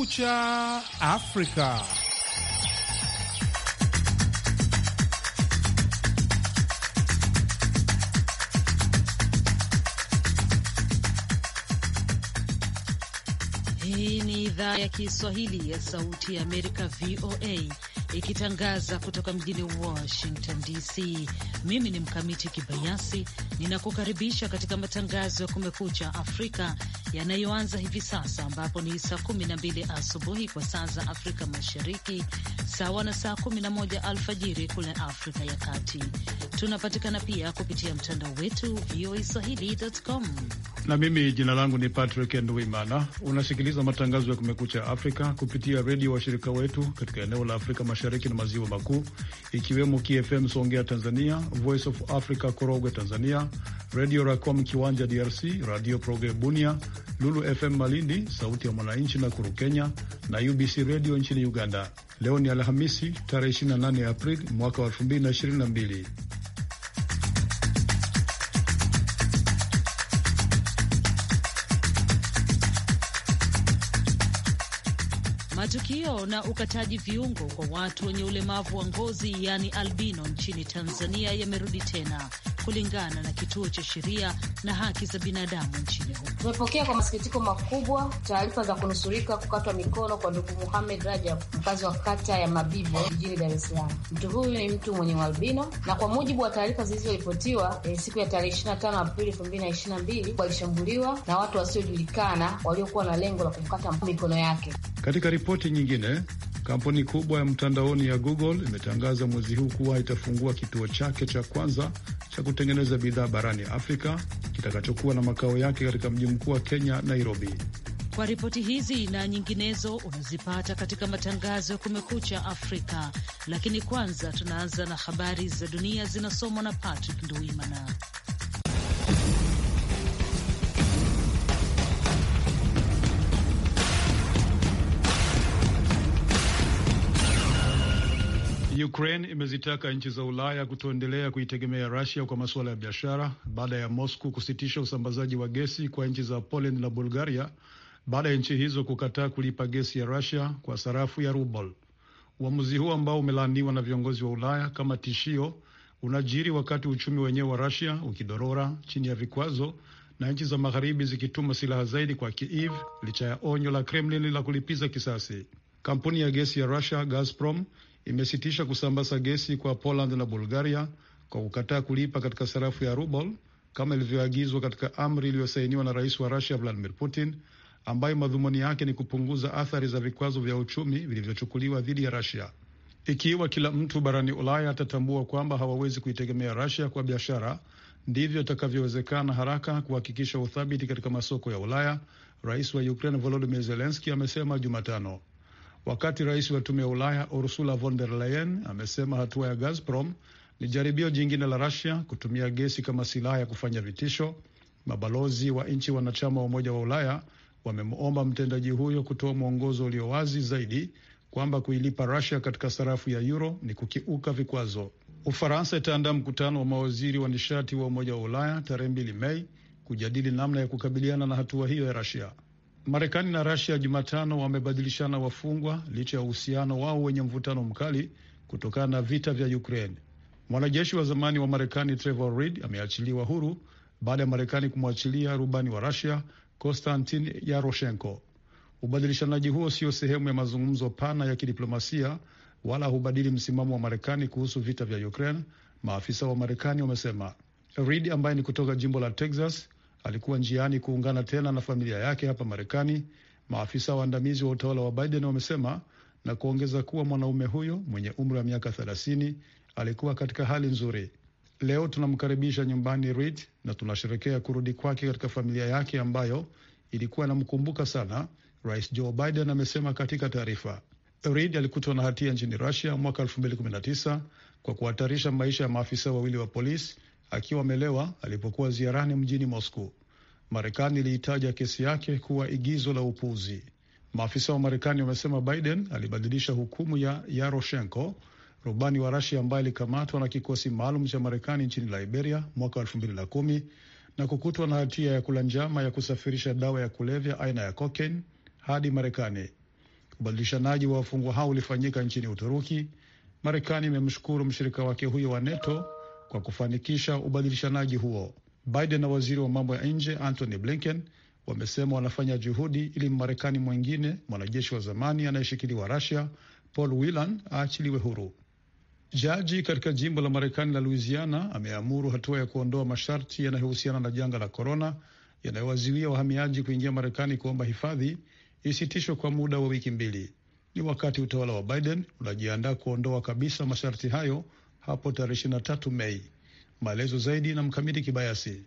Kumekucha Afrika. Hii ni idhaa ya Kiswahili ya Sauti ya Amerika, VOA, ikitangaza kutoka mjini Washington DC. Mimi ni Mkamiti Kibayasi Ninakukaribisha katika matangazo ya Kumekucha Afrika yanayoanza hivi sasa, ambapo ni saa 12 asubuhi kwa saa za Afrika Mashariki, sawa na saa 11 alfajiri kule Afrika ya Kati. Tunapatikana pia kupitia mtandao wetu VOA swahili.com. Na mimi jina langu ni Patrick Nduimana. Unasikiliza matangazo ya Kumekucha Afrika kupitia redio washirika wetu katika eneo la Afrika Mashariki na Maziwa Makuu, ikiwemo KFM Songea Tanzania, Voice of Africa Korogwe Tanzania, Redio Racom Kiwanja DRC, Radio proge Bunia, Lulu FM Malindi, Sauti ya Mwananchi na Kuru Kenya na UBC Redio nchini Uganda. Leo ni Alhamisi tarehe 28 Aprili mwaka wa 2022. Matukio na ukataji viungo kwa watu wenye ulemavu wa ngozi yaani albino nchini Tanzania yamerudi tena kulingana na kituo cha sheria na haki za binadamu nchini humo. Tumepokea kwa masikitiko makubwa taarifa za kunusurika kukatwa mikono kwa ndugu Muhamed Rajab, mkazi wa kata ya Mabibo jijini Dar es Salaam. Mtu huyu ni mtu mwenye ualbino na kwa mujibu wa taarifa zilizoripotiwa eh, siku ya tarehe 25 Aprili 2022 walishambuliwa na watu wasiojulikana waliokuwa na lengo la kumkata mikono yake. Katika ripoti nyingine Kampuni kubwa ya mtandaoni ya Google imetangaza mwezi huu kuwa itafungua kituo chake cha kwanza cha kutengeneza bidhaa barani Afrika kitakachokuwa na makao yake katika mji mkuu wa Kenya, Nairobi. Kwa ripoti hizi na nyinginezo unazipata katika matangazo ya Kumekucha Afrika, lakini kwanza tunaanza na habari za dunia zinasomwa na Patrick Nduimana. Ukraine imezitaka nchi za Ulaya kutoendelea kuitegemea Russia kwa masuala ya biashara baada ya Moscow kusitisha usambazaji wa gesi kwa nchi za Poland na Bulgaria baada ya nchi hizo kukataa kulipa gesi ya Russia kwa sarafu ya ruble. Uamuzi huu ambao umelaaniwa na viongozi wa Ulaya kama tishio unajiri wakati uchumi wenyewe wa Russia ukidorora chini ya vikwazo na nchi za magharibi zikituma silaha zaidi kwa Kiev licha ya onyo la Kremlin la kulipiza kisasi. Kampuni ya gesi ya Russia Gazprom imesitisha kusambaza gesi kwa Poland na Bulgaria kwa kukataa kulipa katika sarafu ya ruble kama ilivyoagizwa katika amri iliyosainiwa na rais wa Rusia Vladimir Putin ambayo madhumuni yake ni kupunguza athari za vikwazo vya uchumi vilivyochukuliwa dhidi ya Rusia. Ikiwa kila mtu barani Ulaya atatambua kwamba hawawezi kuitegemea Rusia kwa biashara, ndivyo itakavyowezekana haraka kuhakikisha uthabiti katika masoko ya Ulaya, rais wa Ukraine Volodymyr Zelenski amesema Jumatano wakati rais wa tume ya Ulaya Ursula von der Leyen amesema hatua ya Gazprom ni jaribio jingine la rasia kutumia gesi kama silaha ya kufanya vitisho. Mabalozi wa nchi wanachama wa Umoja wa Ulaya wamemwomba mtendaji huyo kutoa mwongozo ulio wazi zaidi kwamba kuilipa rasia katika sarafu ya euro ni kukiuka vikwazo. Ufaransa itaandaa mkutano wa mawaziri wa nishati wa Umoja wa Ulaya tarehe 2 Mei kujadili namna ya kukabiliana na hatua hiyo ya rasia Marekani na Rasia Jumatano wamebadilishana wafungwa licha ya uhusiano wao wenye mvutano mkali kutokana na vita vya Ukraine. Mwanajeshi wa zamani wa Marekani Trevor Reed ameachiliwa huru baada ya Marekani kumwachilia rubani wa Rasia Konstantin Yaroshenko. Ubadilishanaji huo sio sehemu ya mazungumzo pana ya kidiplomasia wala hubadili msimamo wa Marekani kuhusu vita vya Ukraine, maafisa wa Marekani wamesema. Reed ambaye ni kutoka jimbo la Texas alikuwa njiani kuungana tena na familia yake hapa Marekani, maafisa waandamizi wa utawala wa Biden wamesema na kuongeza kuwa mwanaume huyo mwenye umri wa miaka 30 alikuwa katika hali nzuri. Leo tunamkaribisha nyumbani Reed na tunasherekea kurudi kwake katika familia yake ambayo ilikuwa inamkumbuka sana, Rais Joe Biden amesema katika taarifa. Reed alikutwa na hatia nchini Russia mwaka 2019 kwa kuhatarisha maisha ya maafisa wawili wa polisi akiwa amelewa alipokuwa ziarani mjini Moscow. Marekani iliitaja kesi yake kuwa igizo la upuuzi. Maafisa wa Marekani wamesema Biden alibadilisha hukumu ya Yaroshenko, rubani wa Rasia ambaye alikamatwa na kikosi maalum cha Marekani nchini Liberia mwaka 2010 na kukutwa na hatia ya kula njama ya kusafirisha dawa ya kulevya aina ya cocaine hadi Marekani. Ubadilishanaji wa wafungwa hao ulifanyika nchini Uturuki. Marekani imemshukuru mshirika wake huyo wa NATO kwa kufanikisha ubadilishanaji huo. Biden na waziri wa mambo ya nje Antony Blinken wamesema wanafanya juhudi ili Mmarekani mwingine mwanajeshi wa zamani anayeshikiliwa Rusia Paul Whelan aachiliwe huru. Jaji katika jimbo la Marekani la Louisiana ameamuru hatua ya kuondoa masharti yanayohusiana na janga la korona yanayowaziwia wahamiaji kuingia Marekani kuomba hifadhi isitishwe kwa muda wa wiki mbili. Ni wakati utawala wa Biden unajiandaa kuondoa kabisa masharti hayo hapo tarehe 23 Mei. Maelezo zaidi na Mkamiti Kibayasi.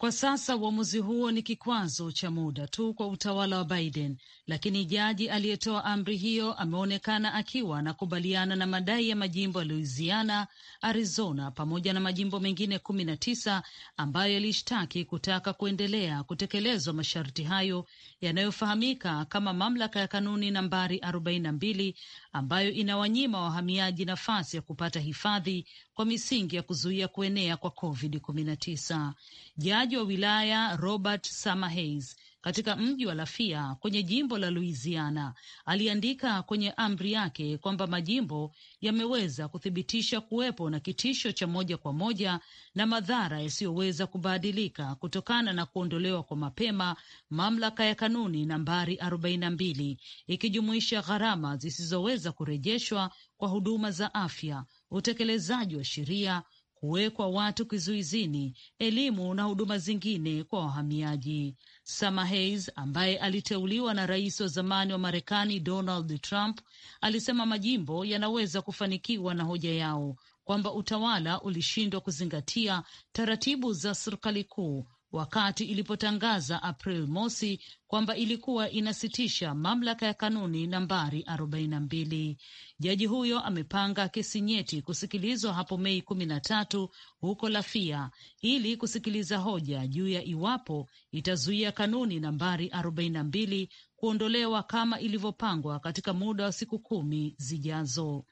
Kwa sasa uamuzi huo ni kikwazo cha muda tu kwa utawala wa Biden, lakini jaji aliyetoa amri hiyo ameonekana akiwa anakubaliana na madai ya majimbo ya Louisiana, Arizona pamoja na majimbo mengine kumi na tisa ambayo yalishtaki kutaka kuendelea kutekelezwa masharti hayo yanayofahamika kama mamlaka ya kanuni nambari arobaini na mbili ambayo inawanyima wahamiaji nafasi ya kupata hifadhi kwa misingi ya kuzuia kuenea kwa COVID-19. Jaji wa wilaya Robert Samaheis katika mji wa Lafia kwenye jimbo la Louisiana. Aliandika kwenye amri yake kwamba majimbo yameweza kuthibitisha kuwepo na kitisho cha moja kwa moja na madhara yasiyoweza kubadilika kutokana na kuondolewa kwa mapema mamlaka ya kanuni nambari 42 ikijumuisha gharama zisizoweza kurejeshwa kwa huduma za afya, utekelezaji wa sheria kuwekwa watu kizuizini, elimu na huduma zingine kwa wahamiaji. Summer Hayes ambaye aliteuliwa na rais wa zamani wa Marekani Donald Trump alisema majimbo yanaweza kufanikiwa na hoja yao kwamba utawala ulishindwa kuzingatia taratibu za serikali kuu wakati ilipotangaza April mosi kwamba ilikuwa inasitisha mamlaka ya kanuni nambari 42. Jaji huyo amepanga kesi nyeti kusikilizwa hapo Mei kumi na tatu huko Lafia ili kusikiliza hoja juu ya iwapo itazuia kanuni nambari 42 kuondolewa kama ilivyopangwa katika muda wa siku kumi zijazo.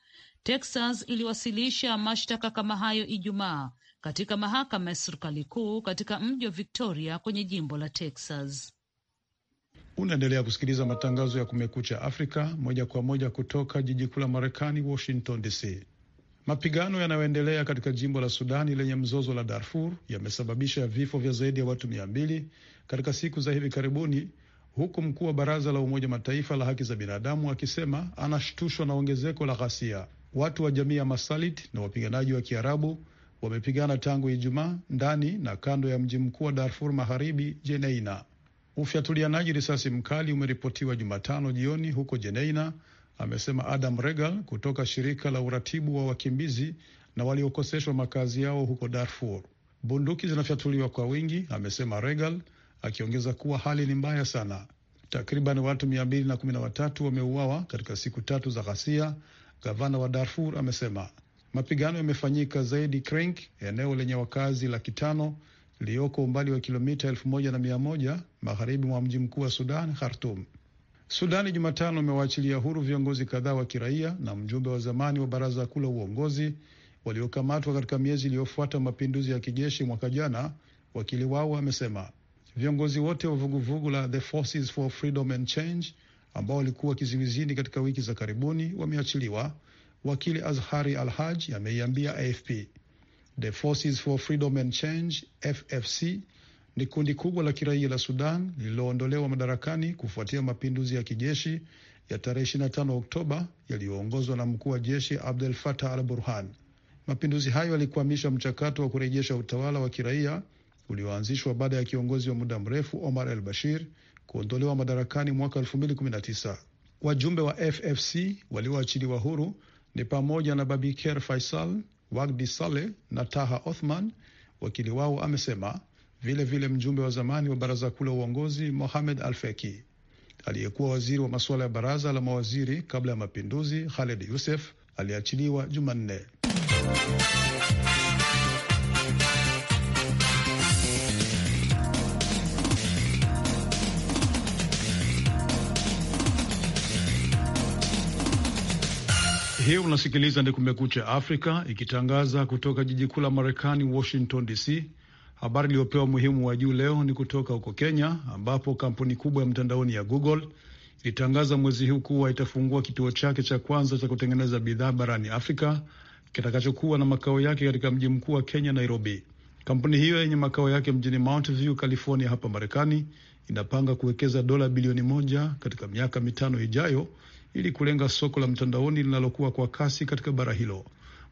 Texas iliwasilisha mashtaka kama hayo Ijumaa katika mahakama ya serikali kuu katika mji wa Victoria kwenye jimbo la Texas. Unaendelea kusikiliza matangazo ya Kumekucha Afrika moja kwa moja kutoka jiji kuu la Marekani, Washington DC. Mapigano yanayoendelea katika jimbo la Sudani lenye mzozo la Darfur yamesababisha vifo vya zaidi ya watu mia mbili katika siku za hivi karibuni, huku mkuu wa baraza la Umoja Mataifa la haki za binadamu akisema anashtushwa na ongezeko la ghasia. Watu wa jamii ya Masalit na wapiganaji wa Kiarabu wamepigana tangu Ijumaa ndani na kando ya mji mkuu wa Darfur Magharibi, Jeneina. Ufyatulianaji risasi mkali umeripotiwa Jumatano jioni huko Jeneina, amesema Adam Regal kutoka shirika la uratibu wa wakimbizi na waliokoseshwa makazi yao huko Darfur. Bunduki zinafyatuliwa kwa wingi, amesema Regal, akiongeza kuwa hali ni mbaya sana. Takriban watu 213 wameuawa katika siku tatu za ghasia, gavana wa Darfur amesema. Mapigano yamefanyika zaidi Krink, eneo lenye wakazi laki tano liyoko umbali wa kilomita elfu moja na mia moja magharibi mwa mji mkuu wa Sudan, Khartum. Sudani Jumatano imewaachilia huru viongozi kadhaa wa kiraia na mjumbe wa zamani wa baraza kuu la uongozi waliokamatwa katika miezi iliyofuata mapinduzi ya kijeshi mwaka jana. Wakili wao wamesema viongozi wote wa vuguvugu la The Forces for Freedom and Change ambao walikuwa kizuizini katika wiki za karibuni wameachiliwa Wakili Azhari Al Haj ameiambia AFP. The Forces for Freedom and Change FFC ni kundi kubwa la kiraia la Sudan lililoondolewa madarakani kufuatia mapinduzi ya kijeshi ya tarehe 25 Oktoba yaliyoongozwa na mkuu wa jeshi Abdel Fattah Al Burhan. Mapinduzi hayo yalikwamisha mchakato wa kurejesha utawala wa kiraia ulioanzishwa baada ya kiongozi wa muda mrefu Omar Al Bashir kuondolewa madarakani mwaka 2019. Wajumbe wa FFC walioachiliwa huru ni pamoja na Babiker Faisal, Wagdi Saleh na Taha Othman. Wakili wao amesema vilevile vile mjumbe wa zamani wa baraza kuu la uongozi Mohamed Alfeki, aliyekuwa waziri wa masuala ya baraza la mawaziri kabla ya mapinduzi Khaled Yusef aliachiliwa Jumanne. Hii unasikiliza ni Kumekucha Afrika ikitangaza kutoka jiji kuu la Marekani, Washington DC. Habari iliyopewa umuhimu wa juu leo ni kutoka huko Kenya, ambapo kampuni kubwa ya mtandaoni ya Google ilitangaza mwezi huu kuwa itafungua kituo chake cha kwanza cha kutengeneza bidhaa barani Afrika kitakachokuwa na makao yake katika mji mkuu wa Kenya, Nairobi. Kampuni hiyo yenye makao yake mjini Mount View, California, hapa Marekani inapanga kuwekeza dola bilioni moja katika miaka mitano ijayo ili kulenga soko la mtandaoni linalokuwa kwa kasi katika bara hilo.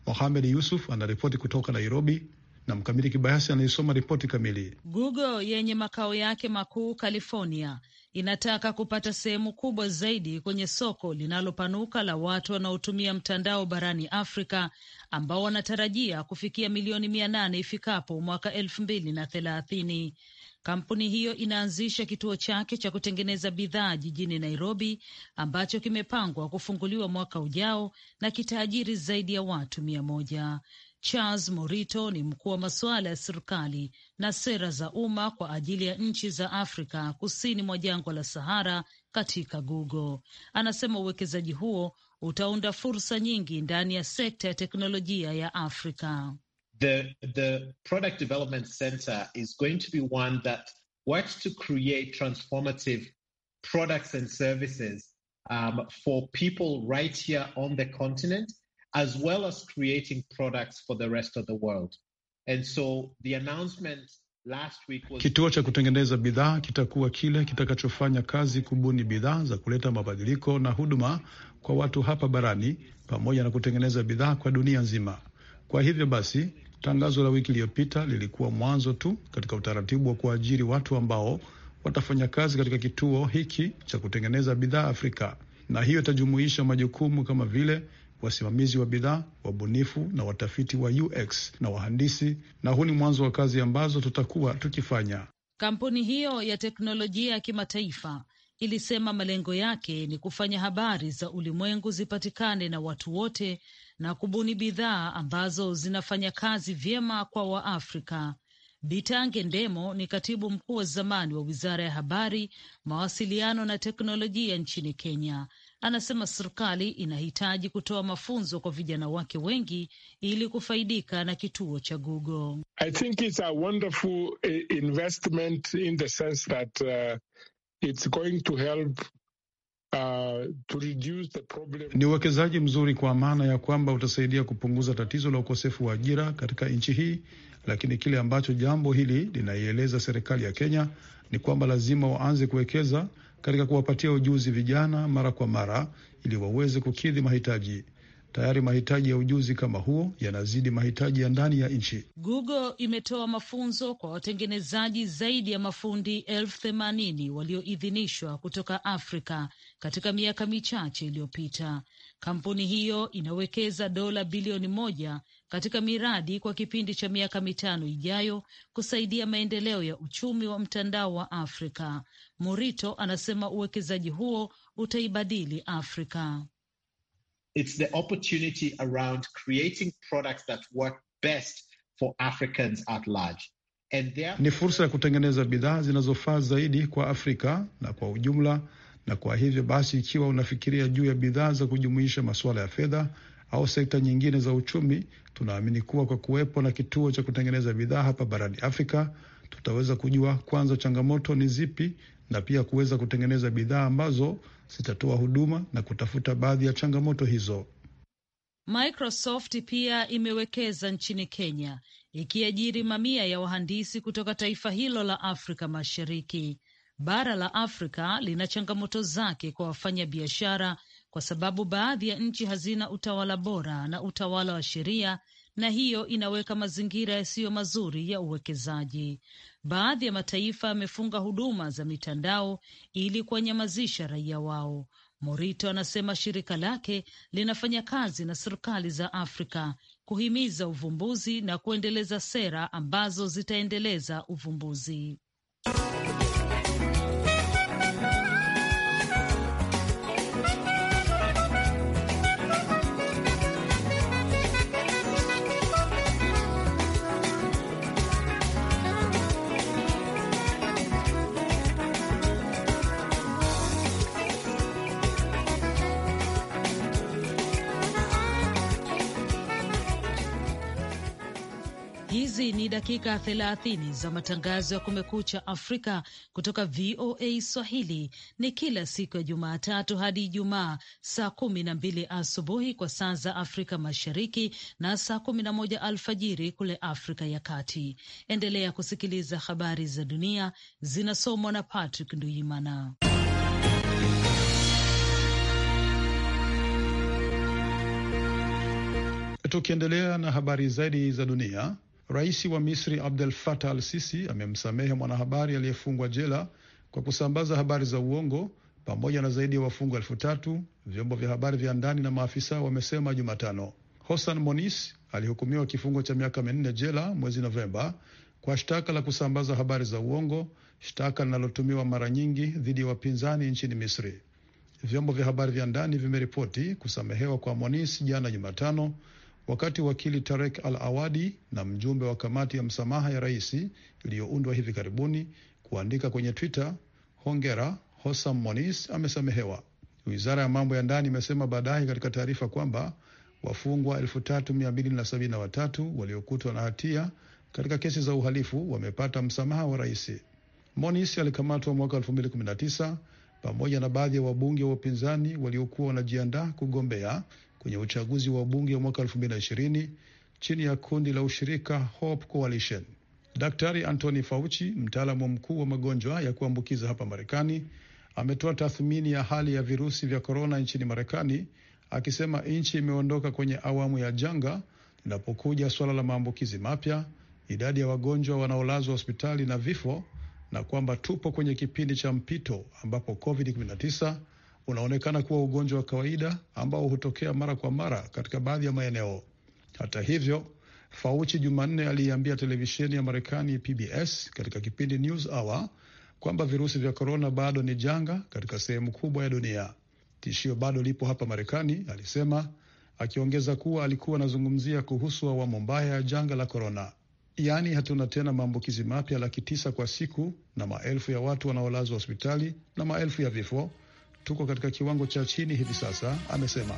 Mohamed Yusuf anaripoti kutoka Nairobi na Mkamili Kibayasi anaisoma ripoti kamili. Google yenye makao yake makuu California inataka kupata sehemu kubwa zaidi kwenye soko linalopanuka la watu wanaotumia mtandao barani Afrika ambao wanatarajia kufikia milioni mia nane ifikapo mwaka elfu mbili na thelathini. Kampuni hiyo inaanzisha kituo chake cha kutengeneza bidhaa jijini Nairobi ambacho kimepangwa kufunguliwa mwaka ujao na kitaajiri zaidi ya watu mia moja. Charles Morito ni mkuu wa masuala ya serikali na sera za umma kwa ajili ya nchi za Afrika kusini mwa jangwa la Sahara katika Google. Anasema uwekezaji huo utaunda fursa nyingi ndani ya sekta ya teknolojia ya Afrika. the, the product development center is going to be one that works to create transformative products and services um, for people right here on the continent, as well as creating products for the rest of the world. And so the announcement last week was... Kituo cha kutengeneza bidhaa kitakuwa kile kitakachofanya kazi kubuni bidhaa za kuleta mabadiliko na huduma kwa watu hapa barani pamoja na kutengeneza bidhaa kwa dunia nzima. Kwa hivyo basi Tangazo la wiki iliyopita lilikuwa mwanzo tu katika utaratibu wa kuajiri watu ambao watafanya kazi katika kituo hiki cha kutengeneza bidhaa Afrika, na hiyo itajumuisha majukumu kama vile wasimamizi wa bidhaa, wabunifu na watafiti wa UX na wahandisi, na huu ni mwanzo wa kazi ambazo tutakuwa tukifanya. Kampuni hiyo ya teknolojia ya kimataifa ilisema malengo yake ni kufanya habari za ulimwengu zipatikane na watu wote na kubuni bidhaa ambazo zinafanya kazi vyema kwa Waafrika. Bitange Ndemo ni katibu mkuu wa zamani wa wizara ya habari, mawasiliano na teknolojia nchini Kenya. Anasema serikali inahitaji kutoa mafunzo kwa vijana wake wengi ili kufaidika na kituo cha Google. I think it's a wonderful eh, investment in the sense that, uh, it's going to help Uh, ni uwekezaji mzuri kwa maana ya kwamba utasaidia kupunguza tatizo la ukosefu wa ajira katika nchi hii, lakini kile ambacho jambo hili linaieleza serikali ya Kenya ni kwamba lazima waanze kuwekeza katika kuwapatia ujuzi vijana mara kwa mara ili waweze kukidhi mahitaji. Tayari mahitaji ya ujuzi kama huo yanazidi mahitaji ya ndani ya nchi. Google imetoa mafunzo kwa watengenezaji zaidi ya mafundi elfu themanini walioidhinishwa kutoka Afrika katika miaka michache iliyopita. Kampuni hiyo inawekeza dola bilioni moja katika miradi kwa kipindi cha miaka mitano ijayo kusaidia maendeleo ya uchumi wa mtandao wa Afrika. Murito anasema uwekezaji huo utaibadili Afrika. It's the opportunity around creating products that work best for Africans at large. And there... ni fursa ya kutengeneza bidhaa zinazofaa zaidi kwa Afrika na kwa ujumla. Na kwa hivyo basi, ikiwa unafikiria juu ya bidhaa za kujumuisha masuala ya fedha au sekta nyingine za uchumi, tunaamini kuwa kwa kuwepo na kituo cha kutengeneza bidhaa hapa barani Afrika, tutaweza kujua kwanza changamoto ni zipi na pia kuweza kutengeneza bidhaa ambazo zitatoa huduma na kutafuta baadhi ya changamoto hizo. Microsoft pia imewekeza nchini Kenya ikiajiri mamia ya wahandisi kutoka taifa hilo la Afrika Mashariki. Bara la Afrika lina changamoto zake kwa wafanyabiashara, kwa sababu baadhi ya nchi hazina utawala bora na utawala wa sheria, na hiyo inaweka mazingira yasiyo mazuri ya uwekezaji. Baadhi ya mataifa yamefunga huduma za mitandao ili kuwanyamazisha raia wao. Morito anasema shirika lake linafanya kazi na serikali za Afrika kuhimiza uvumbuzi na kuendeleza sera ambazo zitaendeleza uvumbuzi. dakika 30 za matangazo ya Kumekucha Afrika kutoka VOA Swahili ni kila siku ya Jumatatu hadi Ijumaa saa kumi na mbili asubuhi kwa saa za Afrika Mashariki na saa kumi na moja alfajiri kule Afrika ya Kati. Endelea kusikiliza habari za dunia zinasomwa na Patrick Nduyimana. Tukiendelea na habari zaidi za dunia, Rais wa Misri Abdel Fattah al Sisi amemsamehe mwanahabari aliyefungwa jela kwa kusambaza habari za uongo pamoja na zaidi ya wafungwa elfu tatu, vyombo vya habari vya ndani na maafisa wamesema Jumatano. Hosan Monis alihukumiwa kifungo cha miaka minne jela mwezi Novemba kwa shtaka la kusambaza habari za uongo, shtaka linalotumiwa mara nyingi dhidi ya wapinzani nchini Misri. Vyombo vya habari vya ndani vimeripoti kusamehewa kwa Monis jana Jumatano, wakati wakili Tarek Al Awadi na mjumbe wa kamati ya msamaha ya rais iliyoundwa hivi karibuni kuandika kwenye Twitter, hongera Hossam Monis amesamehewa. Wizara ya mambo ya ndani imesema baadaye katika taarifa kwamba wafungwa 3273 waliokutwa na hatia katika kesi za uhalifu wamepata msamaha wa rais. Monis alikamatwa mwaka 2019 pamoja na baadhi ya wabunge wa upinzani waliokuwa wanajiandaa kugombea kwenye uchaguzi wa bunge wa mwaka 2020 chini ya kundi la ushirika Hope Coalition. Daktari Anthony Fauci, mtaalamu mkuu wa magonjwa ya kuambukiza hapa Marekani, ametoa tathmini ya hali ya virusi vya korona nchini Marekani akisema nchi imeondoka kwenye awamu ya janga linapokuja suala la maambukizi mapya, idadi ya wagonjwa wanaolazwa hospitali na vifo, na kwamba tupo kwenye kipindi cha mpito ambapo COVID-19 unaonekana kuwa ugonjwa wa kawaida ambao hutokea mara kwa mara katika baadhi ya maeneo. Hata hivyo, Fauci Jumanne aliiambia televisheni ya Marekani PBS katika kipindi News Hour kwamba virusi vya korona bado ni janga katika sehemu kubwa ya dunia. Tishio bado lipo hapa Marekani, alisema, akiongeza kuwa alikuwa anazungumzia kuhusu awamu mbaya ya janga la korona. Yaani, hatuna tena maambukizi mapya laki tisa kwa siku na maelfu ya watu wanaolazwa hospitali na maelfu ya vifo, tuko katika kiwango cha chini hivi sasa, amesema.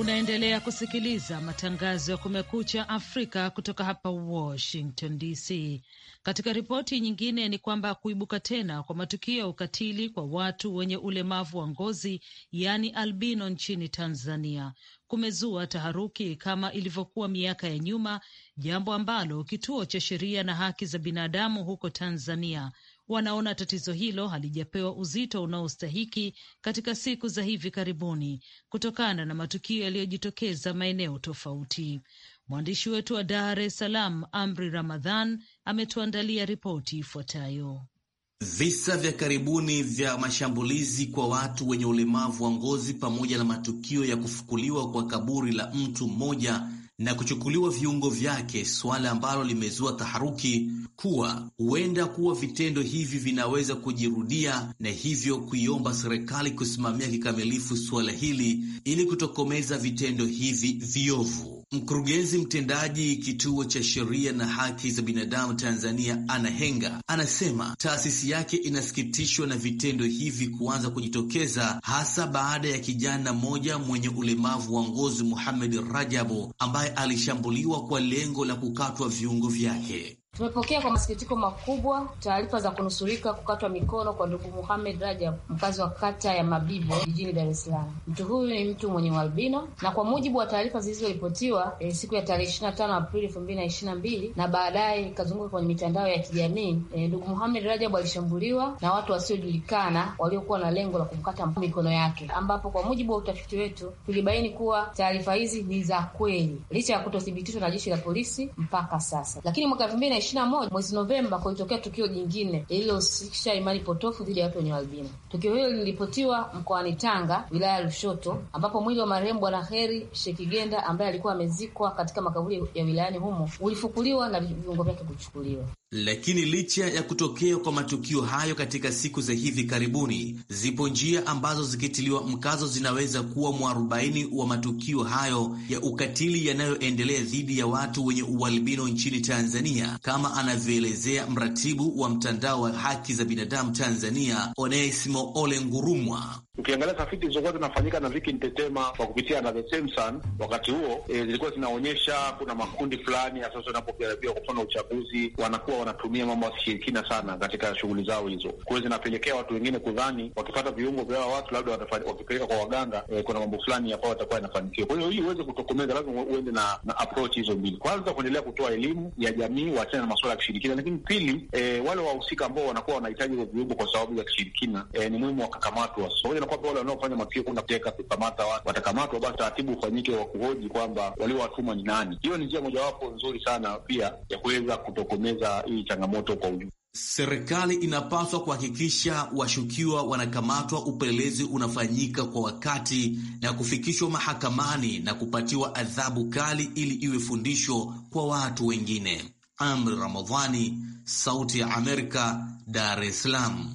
Unaendelea kusikiliza matangazo ya Kumekucha Afrika kutoka hapa Washington DC. Katika ripoti nyingine ni kwamba kuibuka tena kwa matukio ya ukatili kwa watu wenye ulemavu wa ngozi yaani albino nchini Tanzania kumezua taharuki kama ilivyokuwa miaka ya nyuma, jambo ambalo kituo cha sheria na haki za binadamu huko Tanzania wanaona tatizo hilo halijapewa uzito unaostahiki katika siku za hivi karibuni kutokana na matukio yaliyojitokeza maeneo tofauti. Mwandishi wetu wa Dar es Salaam, Amri Ramadhan, ametuandalia ripoti ifuatayo. Visa vya karibuni vya mashambulizi kwa watu wenye ulemavu wa ngozi pamoja na matukio ya kufukuliwa kwa kaburi la mtu mmoja na kuchukuliwa viungo vyake, suala ambalo limezua taharuki kuwa huenda kuwa vitendo hivi vinaweza kujirudia na hivyo kuiomba serikali kusimamia kikamilifu suala hili ili kutokomeza vitendo hivi viovu. Mkurugenzi mtendaji kituo cha sheria na haki za binadamu Tanzania, Ana Henga, anasema taasisi yake inasikitishwa na vitendo hivi kuanza kujitokeza hasa baada ya kijana mmoja mwenye ulemavu wa ngozi Muhamed Rajabu ambaye alishambuliwa kwa lengo la kukatwa viungo vyake. Tumepokea kwa masikitiko makubwa taarifa za kunusurika kukatwa mikono kwa ndugu Muhamed Rajab, mkazi wa kata ya Mabibo jijini Dar es Salaam. Mtu huyu ni mtu mwenye ualbino, na kwa mujibu wa taarifa zilizoripotiwa e, siku ya tarehe 25 Aprili 2022 na baadaye ikazunguka kwenye mitandao ya kijamii e, ndugu Muhamed Rajab alishambuliwa na watu wasiojulikana waliokuwa na lengo la kumkata mikono yake, ambapo kwa mujibu wa utafiti wetu tulibaini kuwa taarifa hizi ni za kweli licha ya kutothibitishwa na jeshi la polisi mpaka sasa, lakini mwaka ishirini na moja mwezi Novemba kulitokea tukio jingine lililohusisha imani potofu dhidi ya watu wenye albino. Tukio hilo liliripotiwa mkoani Tanga, wilaya ya Lushoto, ambapo mwili wa marehemu Bwana Heri Shekigenda ambaye alikuwa amezikwa katika makaburi ya wilayani humo ulifukuliwa na viungo vyake kuchukuliwa. Lakini licha ya kutokea kwa matukio hayo katika siku za hivi karibuni, zipo njia ambazo zikitiliwa mkazo zinaweza kuwa mwarobaini wa matukio hayo ya ukatili yanayoendelea dhidi ya watu wenye ualbino nchini Tanzania, kama anavyoelezea mratibu wa mtandao wa haki za binadamu Tanzania, Onesimo Ole Ngurumwa. Ukiangalia tafiti zilizokuwa zinafanyika na Viki Ntetema kwa kupitia na The wakati huo e, zilikuwa zinaonyesha kuna makundi fulani hasa inapokaribia kwa mfano uchaguzi, wanakuwa wanatumia mambo ya kishirikina sana katika shughuli zao hizo. Kwa hiyo zinapelekea watu wengine kudhani wakipata viungo vya watu labda wakipeleka kwa waganga e, kuna mambo fulani ambayo watakuwa yanafanikiwa. Kwa hiyo hii uweze kutokomeza, lazima uende na, na approach hizo mbili, kwanza kuendelea kutoa elimu ya jamii, waachane na masuala ya kishirikina, lakini pili e, wale wahusika ambao wanakuwa wanahitaji hivyo viungo kwa sababu ya kishirikina e, ni muhimu wakakamatwa so, kuhakikisha kwamba wale wanaofanya matukio kuna kuteka kukamata watu watakamatwa, basi taratibu ufanyike wa kuhoji kwamba waliowatuma ni nani. Hiyo ni njia mojawapo nzuri sana pia ya kuweza kutokomeza hii changamoto kwa ujumla. Serikali inapaswa kuhakikisha washukiwa wanakamatwa, upelelezi unafanyika kwa wakati na kufikishwa mahakamani na kupatiwa adhabu kali ili iwe fundisho kwa watu wengine. Amri Ramadhani, Sauti ya Amerika, Dar es Salaam.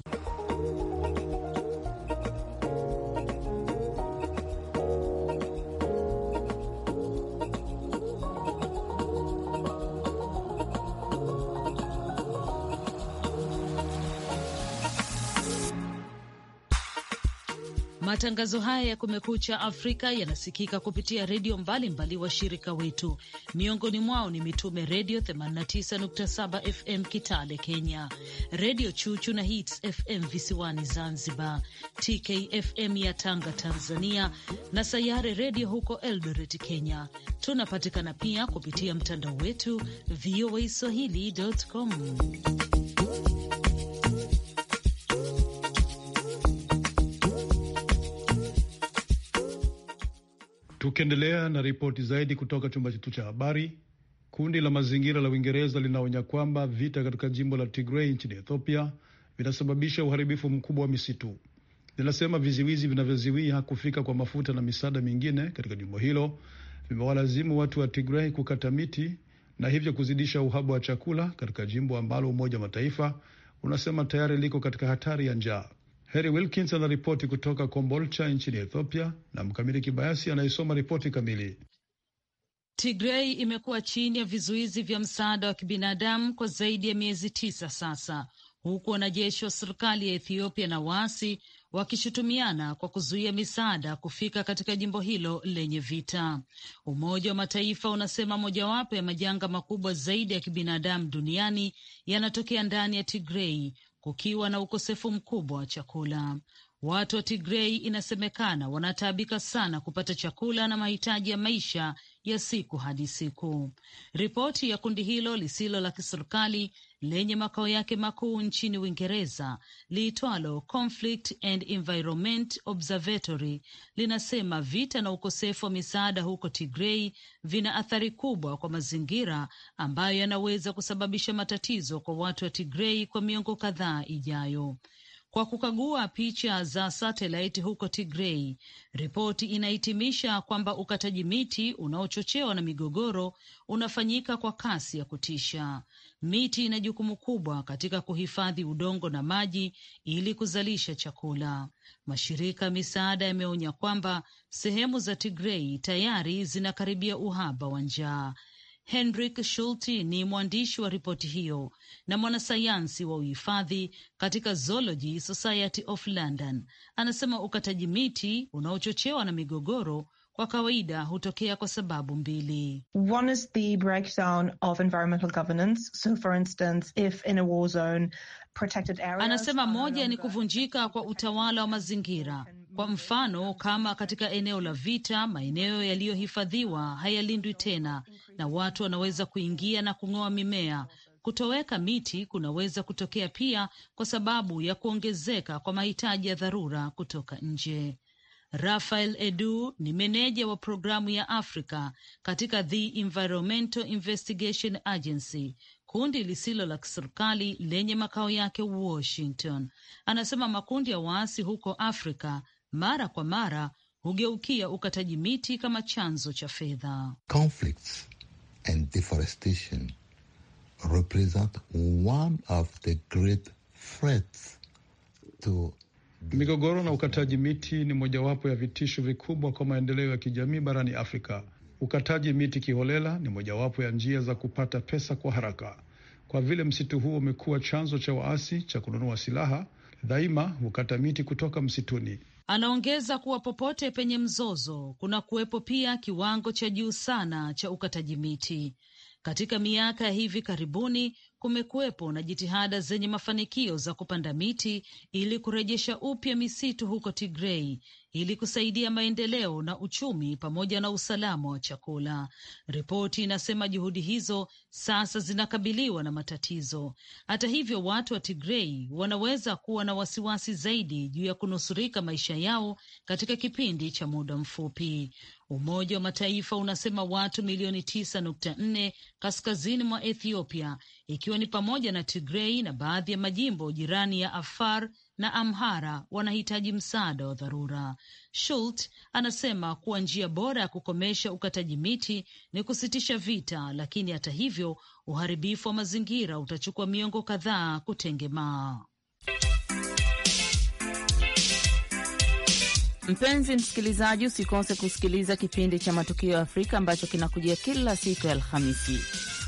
Matangazo haya ya Kumekucha Afrika yanasikika kupitia redio mbalimbali washirika wetu, miongoni mwao ni Mitume Redio 89.7 FM Kitale Kenya, Redio Chuchu na Hits FM visiwani Zanzibar, TKFM ya Tanga Tanzania, na Sayare Redio huko Eldoret Kenya. Tunapatikana pia kupitia mtandao wetu voa swahili.com. Tukiendelea na ripoti zaidi kutoka chumba chetu cha habari, kundi la mazingira la Uingereza linaonya kwamba vita katika jimbo la tigrey nchini Ethiopia vinasababisha uharibifu mkubwa wa misitu. Linasema viziwizi vinavyoziwia kufika kwa mafuta na misaada mingine katika jimbo hilo vimewalazimu watu wa tigrey kukata miti na hivyo kuzidisha uhaba wa chakula katika jimbo ambalo Umoja wa Mataifa unasema tayari liko katika hatari ya njaa. Harry Wilkins anaripoti kutoka Kombolcha nchini Ethiopia, na Mkamili Kibayasi anayesoma ripoti kamili. Tigrei imekuwa chini ya vizuizi vya msaada wa kibinadamu kwa zaidi ya miezi tisa sasa, huku wanajeshi wa serikali ya Ethiopia na waasi wakishutumiana kwa kuzuia misaada kufika katika jimbo hilo lenye vita. Umoja wa Mataifa unasema mojawapo ya majanga makubwa zaidi ya kibinadamu duniani yanatokea ndani ya Tigrei, kukiwa na ukosefu mkubwa wa chakula. Watu wa Tigrei inasemekana wanataabika sana kupata chakula na mahitaji ya maisha ya siku hadi siku. Ripoti ya kundi hilo lisilo la kiserikali lenye makao yake makuu nchini Uingereza liitwalo Conflict and Environment Observatory linasema vita na ukosefu wa misaada huko Tigrei vina athari kubwa kwa mazingira ambayo yanaweza kusababisha matatizo kwa watu wa Tigrei kwa miongo kadhaa ijayo kwa kukagua picha za satelaiti huko Tigrei. Ripoti inahitimisha kwamba ukataji miti unaochochewa na migogoro unafanyika kwa kasi ya kutisha. Miti ina jukumu kubwa katika kuhifadhi udongo na maji ili kuzalisha chakula. Mashirika ya misaada yameonya kwamba sehemu za Tigrei tayari zinakaribia uhaba wa njaa. Henrik Schulte ni mwandishi wa ripoti hiyo na mwanasayansi wa uhifadhi katika Zoology Society of London. Anasema ukataji miti unaochochewa na migogoro kwa kawaida hutokea kwa sababu mbili. One is the breakdown of environmental governance. So for instance, if in a war zone, protected areas. Anasema moja ni kuvunjika kwa utawala wa mazingira kwa mfano, kama katika eneo la vita, maeneo yaliyohifadhiwa hayalindwi tena na watu wanaweza kuingia na kung'oa mimea. Kutoweka miti kunaweza kutokea pia kwa sababu ya kuongezeka kwa mahitaji ya dharura kutoka nje. Rafael Edu ni meneja wa programu ya Afrika katika The Environmental Investigation Agency, kundi lisilo la kiserikali lenye makao yake Washington. Anasema makundi ya waasi huko Afrika mara kwa mara hugeukia ukataji miti kama chanzo cha fedha. Conflicts and deforestation represent one of the great threats to Migogoro na ukataji miti ni mojawapo ya vitisho vikubwa kwa maendeleo ya kijamii barani Afrika. Ukataji miti kiholela ni mojawapo ya njia za kupata pesa kwa haraka. Kwa vile msitu huo umekuwa chanzo cha waasi cha kununua silaha, daima hukata miti kutoka msituni. Anaongeza kuwa popote penye mzozo kuna kuwepo pia kiwango cha juu sana cha ukataji miti. Katika miaka ya hivi karibuni kumekuwepo na jitihada zenye mafanikio za kupanda miti ili kurejesha upya misitu huko Tigrei ili kusaidia maendeleo na uchumi pamoja na usalama wa chakula. Ripoti inasema juhudi hizo sasa zinakabiliwa na matatizo. Hata hivyo, watu wa Tigrei wanaweza kuwa na wasiwasi zaidi juu ya kunusurika maisha yao katika kipindi cha muda mfupi. Umoja wa Mataifa unasema watu milioni 9.4 kaskazini mwa Ethiopia ikiwa ikiwa ni pamoja na Tigrei na baadhi ya majimbo jirani ya Afar na Amhara wanahitaji msaada wa dharura. shult anasema kuwa njia bora ya kukomesha ukataji miti ni kusitisha vita, lakini hata hivyo uharibifu wa mazingira utachukua miongo kadhaa kutengemaa. Mpenzi msikilizaji, usikose kusikiliza kipindi cha Matukio ya Afrika ambacho kinakujia kila siku ya Alhamisi.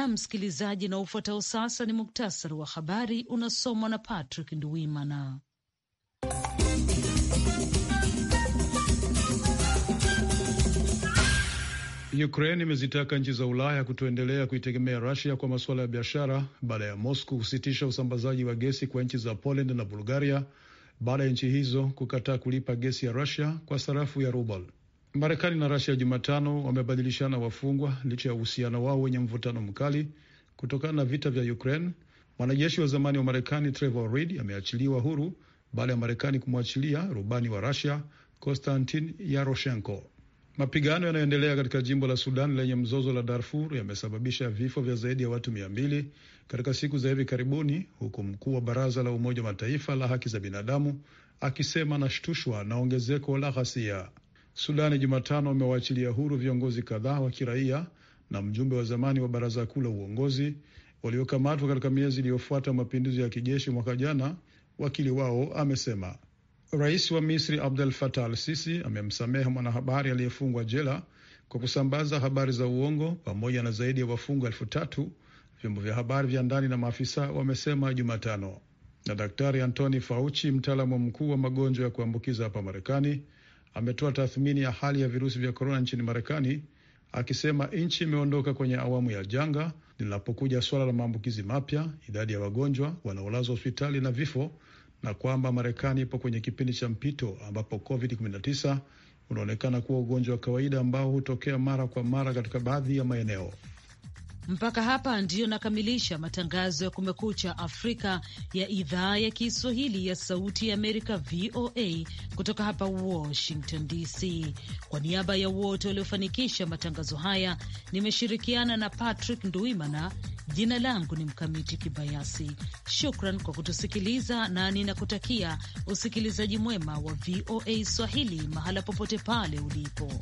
na msikilizaji, na ufuatao sasa ni muktasari wa habari unasomwa na Patrick Nduwimana. Ukraine imezitaka nchi za Ulaya kutoendelea kuitegemea rusia kwa masuala ya biashara baada ya Moscow kusitisha usambazaji wa gesi kwa nchi za Poland na Bulgaria baada ya nchi hizo kukataa kulipa gesi ya rusia kwa sarafu ya ruble. Marekani na Rasia Jumatano wamebadilishana wafungwa licha ya uhusiano wao wenye mvutano mkali kutokana na vita vya Ukraine. Mwanajeshi wa zamani wa Marekani Trevor Reed ameachiliwa huru baada ya Marekani kumwachilia rubani wa Rasia Konstantin Yaroshenko. Mapigano yanayoendelea katika jimbo la Sudan lenye mzozo la Darfur yamesababisha vifo vya zaidi ya watu mia mbili katika siku za hivi karibuni, huku mkuu wa baraza la Umoja wa Mataifa la haki za binadamu akisema anashtushwa na ongezeko la ghasia. Sudani Jumatano wamewaachilia huru viongozi kadhaa wa kiraia na mjumbe wa zamani wa baraza kuu la uongozi waliokamatwa katika miezi iliyofuata mapinduzi ya kijeshi mwaka jana, wakili wao amesema. Rais wa Misri Abdel Fattah al-Sisi amemsamehe mwanahabari aliyefungwa jela kwa kusambaza habari za uongo pamoja na zaidi ya wafungwa elfu tatu, vyombo vya habari vya ndani na maafisa wamesema Jumatano. Na Daktari Anthony Fauci, mtaalamu mkuu wa magonjwa ya kuambukiza hapa Marekani, ametoa tathmini ya hali ya virusi vya korona nchini Marekani akisema nchi imeondoka kwenye awamu ya janga linapokuja suala la maambukizi mapya, idadi ya wagonjwa wanaolazwa hospitali na vifo, na kwamba Marekani ipo kwenye kipindi cha mpito ambapo COVID-19 unaonekana kuwa ugonjwa wa kawaida ambao hutokea mara kwa mara katika baadhi ya maeneo. Mpaka hapa ndiyo nakamilisha matangazo ya Kumekucha Afrika ya idhaa ya Kiswahili ya Sauti ya Amerika, VOA, kutoka hapa Washington DC. Kwa niaba ya wote waliofanikisha matangazo haya, nimeshirikiana na Patrick Nduimana. Jina langu ni Mkamiti Kibayasi. Shukran kwa kutusikiliza, na ninakutakia usikilizaji mwema wa VOA Swahili mahala popote pale ulipo.